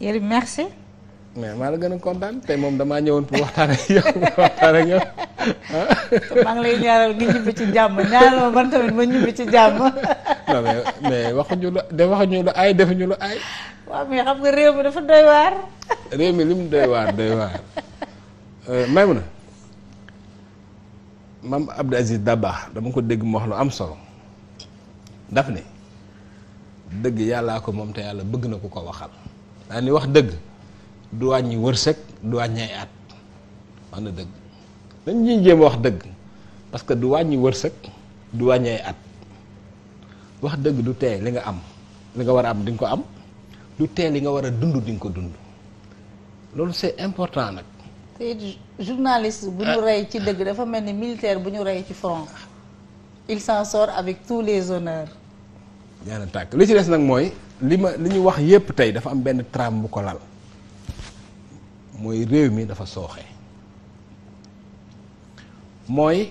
Yérim merci. mais maa la gën a kontaan tey moom damaa ñëwoon pour waxtaan ak yow waxtaan ak yow. maa ngi lay ñaaral nga ñibbi ci jàmm ñaaral ma man tamit ma ñibbi ci jàmm. non mais mais waxuñu la de waxuñu la ay defuñu la ay. waaw mais xam nga réew mi dafa doy waar. réew mi lim doy waar doy waar. Euh, Maymuna maam Abdou Aziz Dabakh dama ko dégg mu wax lu am solo daf ne dëgg yàllaa ko moom te yàlla bëgg na ku ko waxal. daa ni wax dëgg du wàññi wërsëg du wàññi at wax na dëgg dañ ñuy jéem wax dëgg parce que du wàññi wërsëg du wàññi at wax dëgg du tee li nga am li nga war a am di ko am du tee li nga war a dund di ko dund loolu c'est important nag. te journaliste bu ñu ah. rey ci dëgg dafa mel ni militaire bu ñu rey ci front il s'en sort avec tous les honneurs. yaa tàkk li ci des nag mooy. li ma li ñu wax yépp tey dafa am benn trame bu ko lal mooy réew mi dafa sooxe mooy